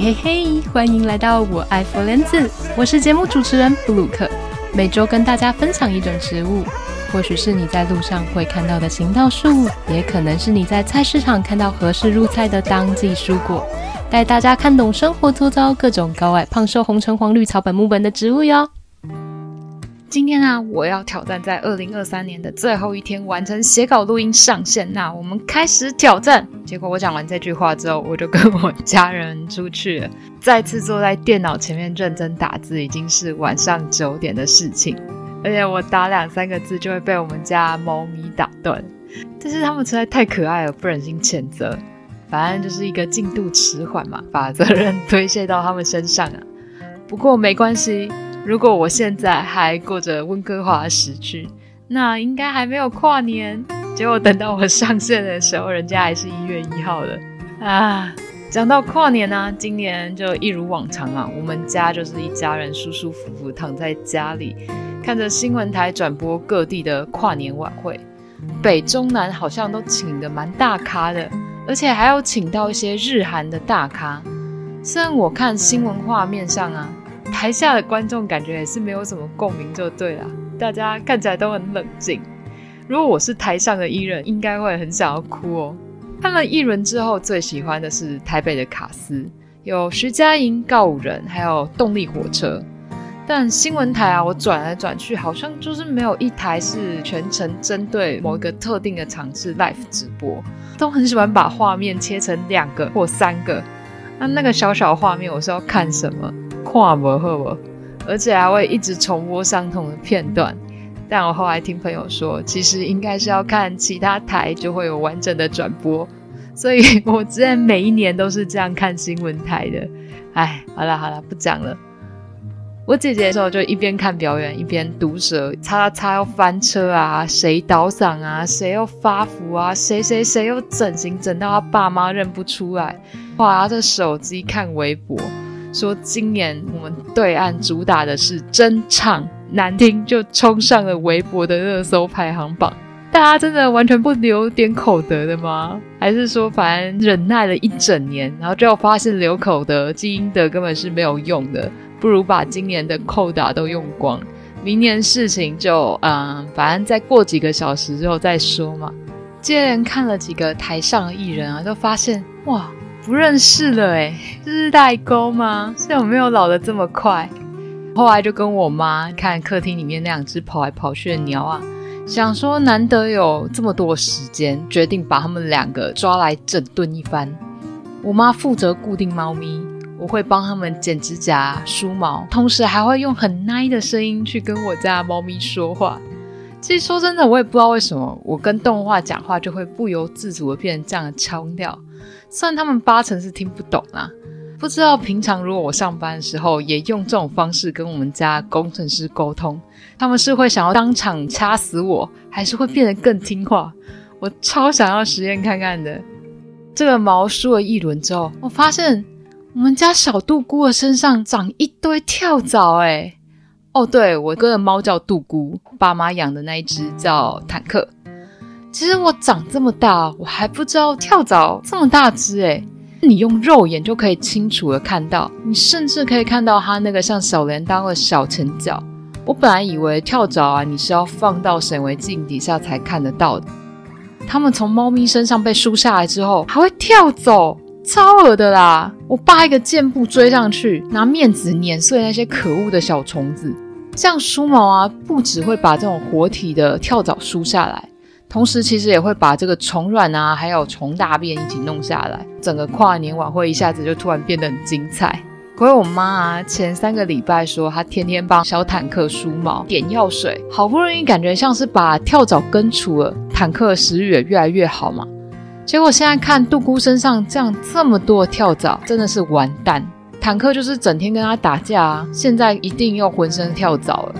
嘿、hey, 嘿、hey, hey，歡迎來到我愛佛蓮子，我是節目主持人布魯克，每周跟大家分享一種植物，或許是你在路上會看到的行道樹，也可能是你在菜市場看到合適入菜的當季蔬果，帶大家看懂生活周遭各種高矮胖瘦紅橙黃綠草本木本的植物喲。今天呢、啊，我要挑戰在二零二三年的最後一天完成寫稿、錄音、上線。那我們開始挑戰。結果我講完這句話之後，我就跟我家人出去了，再次坐在電腦前面認真打字，已經是晚上九點的事情。而且我打兩三個字就會被我們家貓咪打斷，但是他們實在太可愛了，不忍心譴責。反正就是一個進度遲緩嘛，把責任推卸到他們身上啊。不過沒關係。如果我現在還過着溫哥華時區，那應該還沒有跨年。結果等到我上線的時候，人家還是1月1號了啊！講到跨年呢、啊，今年就一如往常啊，我們家就是一家人舒舒服服躺在家裡，看着新聞台轉播各地的跨年晚會。北中南好像都請得蠻大咖的，而且還有請到一些日韓的大咖。雖然我看新聞畫面上啊。台下的觀眾感覺也是沒有什麼共鳴，就對了。大家看起來都很冷靜。如果我是台上的藝人，應該會很想要哭哦。看了一輪之後，最喜歡的是台北的卡司，有徐佳瑩、告五人，還有動力火車。但新聞台啊，我轉來轉去，好像就是沒有一台是全程針對某一個特定的場次 live 直播，都很喜歡把畫面切成兩個或三個。那那個小小畫面，我是要看什麼？看，而且還會一直重播相同的片段。但我後來聽朋友說，其實應該是要看其他台，就會有完整的轉播。所以我之前每一年都是這樣看新聞台的。哎，好了好了，不講了。我姐姐的時候就一邊看表演，一邊毒舌，擦擦擦要翻車啊，誰倒嗓啊，誰又發福啊，誰誰誰又整形整到他爸媽認不出來。哇，拿着手機看微博。說今年我們對岸主打的是真唱，難聽就衝上了微博的熱搜排行榜。大家真的完全不留點口德的嗎？還是說，反而忍耐了一整年，然後最後發現留口德積陰德根本是沒有用的，不如把今年的扣打都用光，明年事情就嗯、呃，反正再過幾個小時之後再說嘛。接連看了幾個台上的藝人啊，都發現哇。不認識了哎、欸，這是代溝嗎？是有沒有沒有老的這麼快？後來就跟我媽看客廳裡面那兩隻跑來跑去的鳥啊，想說難得有這麼多時間，決定把他們兩個抓來整頓一番。我媽負責固定貓咪，我會幫他們剪指甲、梳毛，同時還會用很奶的聲音去跟我家貓咪說話。其實說真的，我也不知道為什麼，我跟動畫講話就會不由自主的變成這樣的腔調。算他們八成是聽不懂啊，不知道平常如果我上班的時候，也用這種方式跟我們家工程師溝通，他們是會想要當場掐死我，還是會變得更聽話？我超想要實驗看看的。這個毛梳了一輪之後，我發現我們家小杜姑的身上長一堆跳蚤哎、欸。哦，對，我哥的貓叫杜姑，爸媽養的那一隻叫坦克。其實我長這麼大，我還不知道跳蚤這麼大隻誒、欸、你用肉眼就可以清楚的看到，你甚至可以看到它那個像小鐮刀的小前腳。我本來以為跳蚤啊，你是要放到顯微鏡底下才看得到的。它們從貓咪身上被梳下來之後，還會跳走，超惡的啦！我爸一個箭步追上去，拿面紙碾碎那些可惡的小蟲子。像梳毛啊，不只會把這種活體的跳蚤梳，梳下來。同時，其實也會把這個蟲卵啊，還有蟲大便一起弄下來，整個跨年晚會一下子就突然變得很精彩。各位我媽、啊、前三個禮拜說，她天天幫小坦克梳毛、點藥水，好不容易感覺像是把跳蚤根除了，坦克的食欲也越來越好嘛。結果現在看杜姑身上這樣這麼多的跳蚤，真的是完蛋！坦克就是整天跟她打架啊，現在一定又渾身跳蚤了。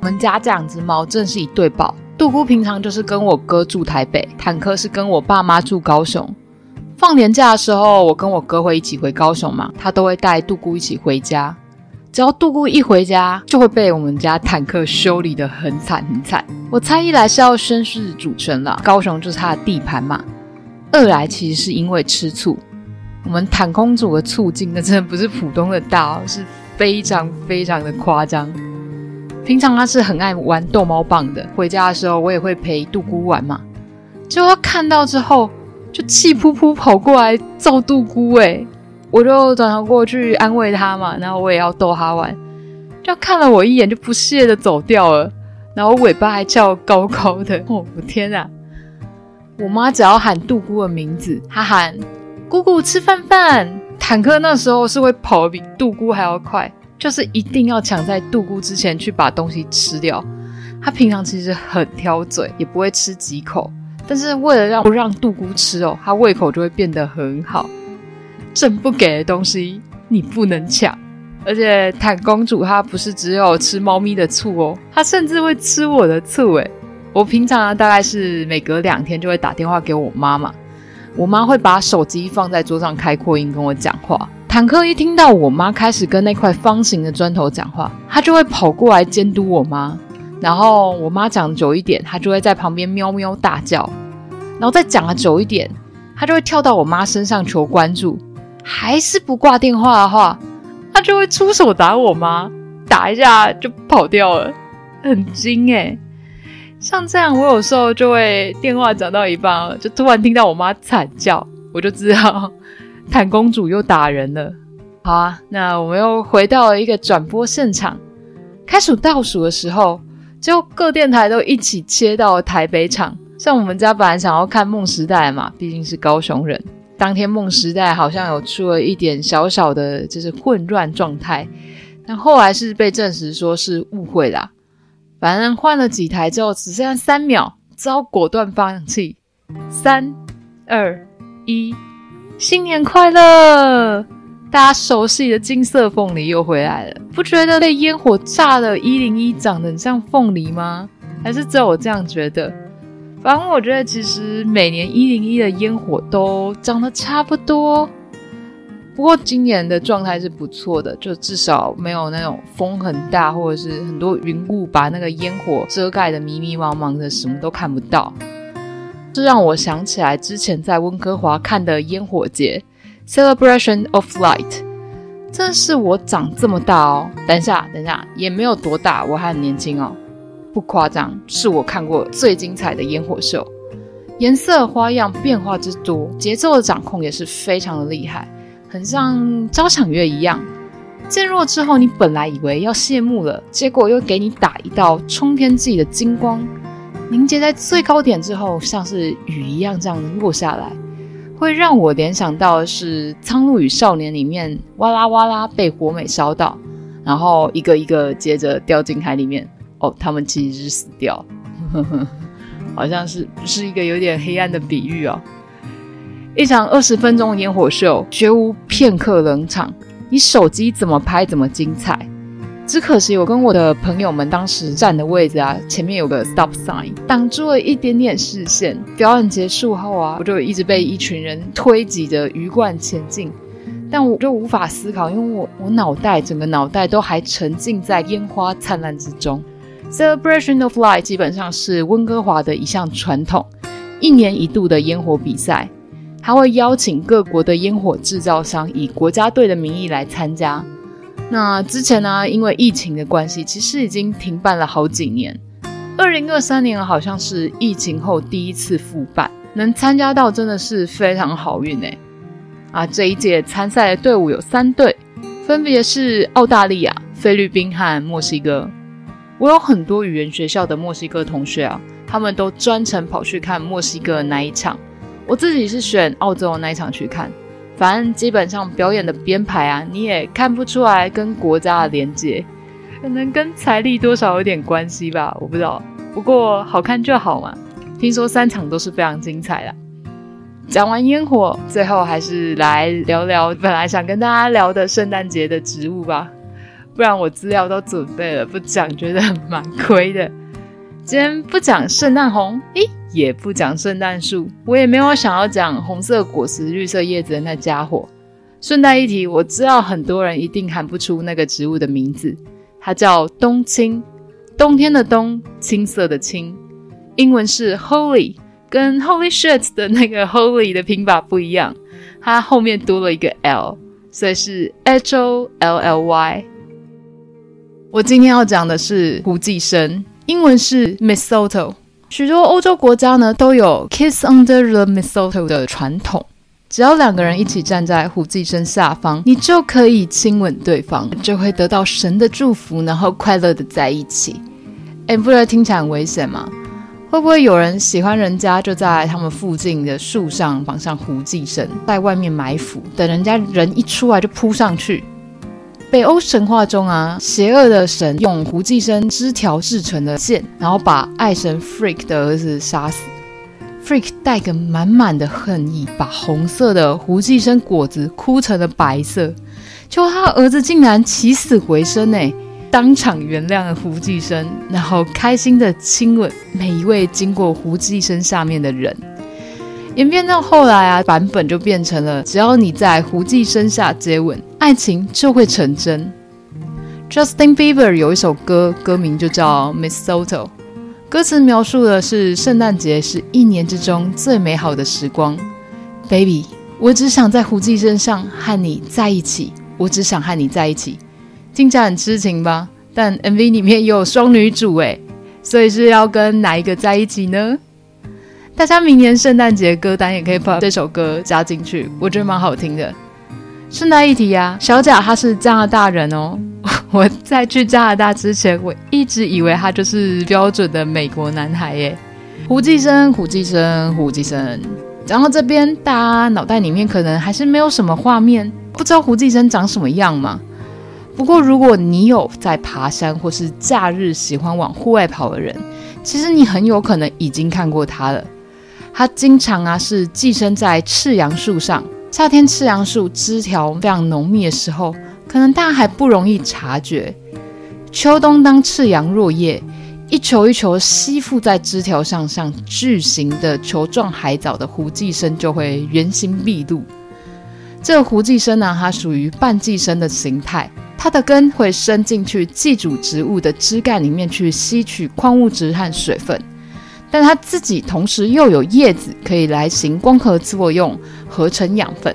我們家這兩只貓，正是一對寶。杜姑平常就是跟我哥住台北，坦克是跟我爸媽住高雄。放年假的時候，我跟我哥會一起回高雄嘛，他都會帶杜姑一起回家。只要杜姑一回家，就會被我們家坦克修理得很慘很慘。我猜一來是要宣示主權了，高雄就是他的地盤嘛；二來其實是因為吃醋，我們坦公主的醋勁那真的不是普通的大哦，是非常非常的誇張。平常他是很愛玩逗貓棒的，回家的時候我也會陪杜姑玩嘛，結果他看到之後就氣噗噗跑過來揍杜姑哎、欸，我就轉頭過去安慰他嘛，然後我也要逗他玩，就看了我一眼就不屑的走掉了，然後我尾巴還翹高高的，哦，我天哪！我媽、啊、只要喊杜姑的名字，她喊姑姑吃飯飯，坦克那時候是會跑的比杜姑還要快。就是一定要搶在杜姑之前去把東西吃掉。她平常其實很挑嘴，也不會吃幾口。但是為了讓不讓杜姑吃哦，她胃口就會變得很好。朕不給的東西，你不能搶。而且坦公主她不是只有吃貓咪的醋哦，她甚至會吃我的醋誒。我平常大概是每隔兩天就會打電話給我媽媽，我媽會把手機放在桌上開擴音跟我講話。坦克一聽到我媽開始跟那塊方形的磚頭講話，他就會跑過來監督我媽。然後我媽講久一點，他就會在旁邊喵喵大叫。然後再講了久一點，他就會跳到我媽身上求關注。還是不掛電話的話，他就會出手打我媽，打一下就跑掉了，很精欸！像這樣，我有時候就會電話講到一半，就突然聽到我媽慘叫，我就知道。坦公主又打人了，好啊，那我們又回到了一個轉播現場。開始倒數的時候，就各電台都一起切到了台北場。像我們家本來想要看夢時代嘛，畢竟是高雄人。當天夢時代好像有出了一點小小的就是混亂狀態，但後來是被證實說是誤會啦，啊。反正換了幾台之後，只剩下三秒，之後果斷放棄。三二一。新年快樂！大家熟悉的金色鳳梨又回來了。不覺得被煙火炸的101長得很像鳳梨嗎？還是只有我這樣覺得？反正我覺得其實每年101的煙火都長得差不多。不過今年的狀態是不錯的，就至少沒有那種風很大，或者是很多雲霧把那個煙火遮蓋得迷迷茫茫的，什麼都看不到。這讓我想起來之前在溫哥華看的煙火節，Celebration of Light，真是我長這麼大哦。等一下，等一下，也沒有多大，我還很年輕哦，不誇張，是我看過最精彩的煙火秀，顏色、花樣、變化之多，節奏的掌控也是非常的厲害，很像交響樂一樣。漸弱之後，你本來以為要謝幕了，結果又給你打一道衝天際的金光。凝結在最高點之後，像是雨一樣這樣落下來，會讓我聯想到的是《蒼鷺與少年》裡面哇啦哇啦被火美燒到，然後一個一個接着掉進海裡面。哦，他們其實是死掉，呵呵呵，好像是是一個有點黑暗的比喻哦。一場二十分鐘煙火秀，絕無片刻冷場，你手機怎麼拍怎麼精彩。只可惜，我跟我的朋友們當時站的位置啊，前面有個 stop sign，擋住了一點點視線。表演結束後啊，我就一直被一群人推擠着魚貫前進，但我就無法思考，因為我我腦袋整個腦袋都還沉浸在煙花燦爛之中。Celebration of Light 基本上是溫哥華的一項傳統，一年一度的煙火比賽，它會邀請各國的煙火製造商以國家隊的名義來參加。那之前呢、啊，因為疫情的關係，其實已經停辦了好幾年。二零二三年好像是疫情後第一次復辦，能參加到真的是非常好運呢、欸。啊，這一屆參賽的隊伍有三隊，分別是澳大利亞、菲律賓和墨西哥。我有很多語言學校的墨西哥同學啊，他們都專程跑去看墨西哥那一場，我自己是選澳洲那一場去看。反正基本上表演的編排啊，你也看不出來跟國家的連接，可能跟財力多少有點關係吧，我不知道。不過好看就好嘛。聽說三場都是非常精彩啦。講完煙火，最後還是來聊聊本來想跟大家聊的聖誕節的植物吧，不然我資料都準備了，不講覺得蠻虧的。今天不講聖誕紅，欸也不講聖誕樹，我也沒有想要講紅色果實、綠色葉子的那家伙。順帶一提，我知道很多人一定喊不出那個植物的名字，它叫冬青，冬天的冬，青色的青。英文是 holy，跟 holy shirt 的那個 holy 的拼法不一樣，它後面多了一個 l，所以是 H O L L Y。我今天要講的是槲寄生，英文是 mistletoe。許多歐洲國家呢，都有 Kiss under the mistletoe 的傳統，只要兩個人一起站在槲寄生下方，你就可以親吻對方，就會得到神的祝福，然後快樂的在一起。哎、欸，不知聽起來很危險嗎？會不會有人喜歡人家就在他們附近的樹上綁上槲寄生，在外面埋伏，等人家人一出來就撲上去？北歐神話中啊，邪惡的神用槲寄生枝條制成的劍，然後把愛神 Freak 的兒子殺死。Freak 帶着滿滿的恨意，把紅色的槲寄生果子哭成了白色，就他兒子竟然，起死回生哎、欸，當場原諒了槲寄生，然後開心的親吻每一位經過槲寄生下面的人。演變到後來啊，版本就變成了只要你在槲寄生下接吻，愛情就會成真。Justin Bieber 有一首歌，歌名就叫《Mistletoe》。歌詞描述的是聖誕節是一年之中最美好的時光。Baby，我只想在槲寄生上和你在一起，我只想和你在一起。聽起來很痴情吧？但 MV 裡面也有雙女主誒，所以是要跟哪一個在一起呢？大家明年聖誕節歌單也可以把這首歌加進去，我覺得蠻好聽的。順帶一提啊，小賈他是加拿大人哦。 我在去加拿大之前，我一直以為他就是標準的美國男孩耶。槲寄生，槲寄生，槲寄生。然後這邊大家腦袋裡面可能還是沒有什麼畫面，不知道槲寄生長什麼樣嘛？不過如果你有在爬山或是假日喜歡往戶外跑的人，其實你很有可能已經看過他了。它經常啊是寄生在赤楊樹上。夏天赤楊樹枝條非常濃密的時候，可能大家還不容易察覺。秋冬當赤楊落葉，一球一球吸附在枝條上，像巨型的球狀海藻的槲寄生就會原形畢露。這個槲寄生呢、啊，它屬於半寄生的形態，它的根會伸進去寄主植物的枝幹裡面去吸取礦物質和水分。但它自己同時又有葉子可以來行光合作用，合成養分。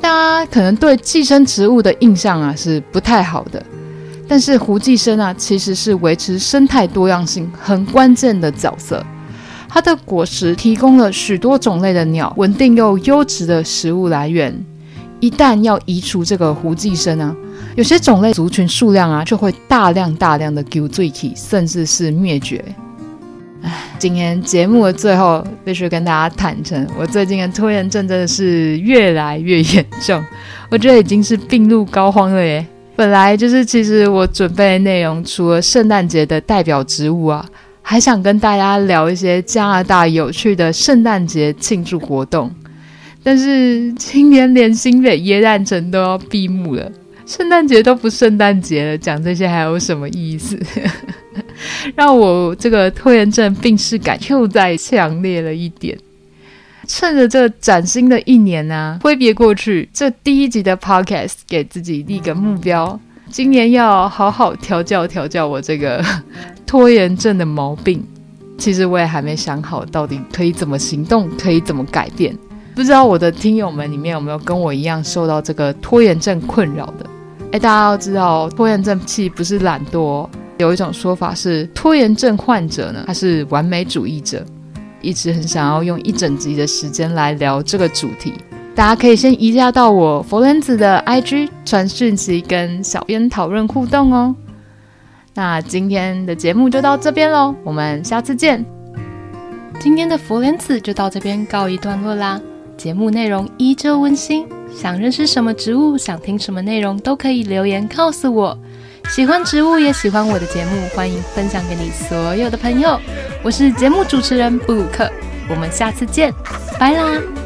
大家、啊、可能對寄生植物的印象啊是不太好的，但是槲寄生啊其實是維持生態多樣性很關鍵的角色。它的果實提供了許多種類的鳥穩定又優質的食物來源。一旦要移除這個槲寄生啊，有些種類族群數量啊就會大量大量的丟 o 體，甚至是滅絕。今天節目的最後，必須跟大家坦誠，我最近的拖延症真的是越來越嚴重，我覺得已經是病入膏肓了耶。本來就是，其實我準備的內容除了聖誕節的代表植物啊，還想跟大家聊一些加拿大有趣的聖誕節慶祝活動，但是今年連新北耶誕城都要閉幕了，聖誕節都不聖誕節了，講這些還有什麼意思？ 讓我這個拖延症病恥感又再強烈了一點。趁着這嶄新的一年呢，啊，揮別過去，這第一集的 podcast 給自己立個目標：今年要好好調教調教我這個拖延症的毛病。其實我也還沒想好到底可以怎麼行動，可以怎麼改變。不知道我的聽友們裡面有沒有跟我一樣受到這個拖延症困擾的？哎，大家要知道，拖延症其實不是懶惰哦。有一種說法是，拖延症患者呢，他是完美主義者，一直很想要用一整集的時間來聊這個主題。大家可以先移駕到我佛蓮子的 IG 傳訊息，跟小編討論互動哦。那今天的節目就到這邊嘍，我們下次見。今天的佛蓮子就到這邊告一段落啦，節目內容依舊溫馨。想認識什麼植物，想聽什麼內容，都可以留言告訴我。喜歡植物也喜歡我的節目，歡迎分享給你所有的朋友。我是節目主持人布魯克，我們下次見，拜啦。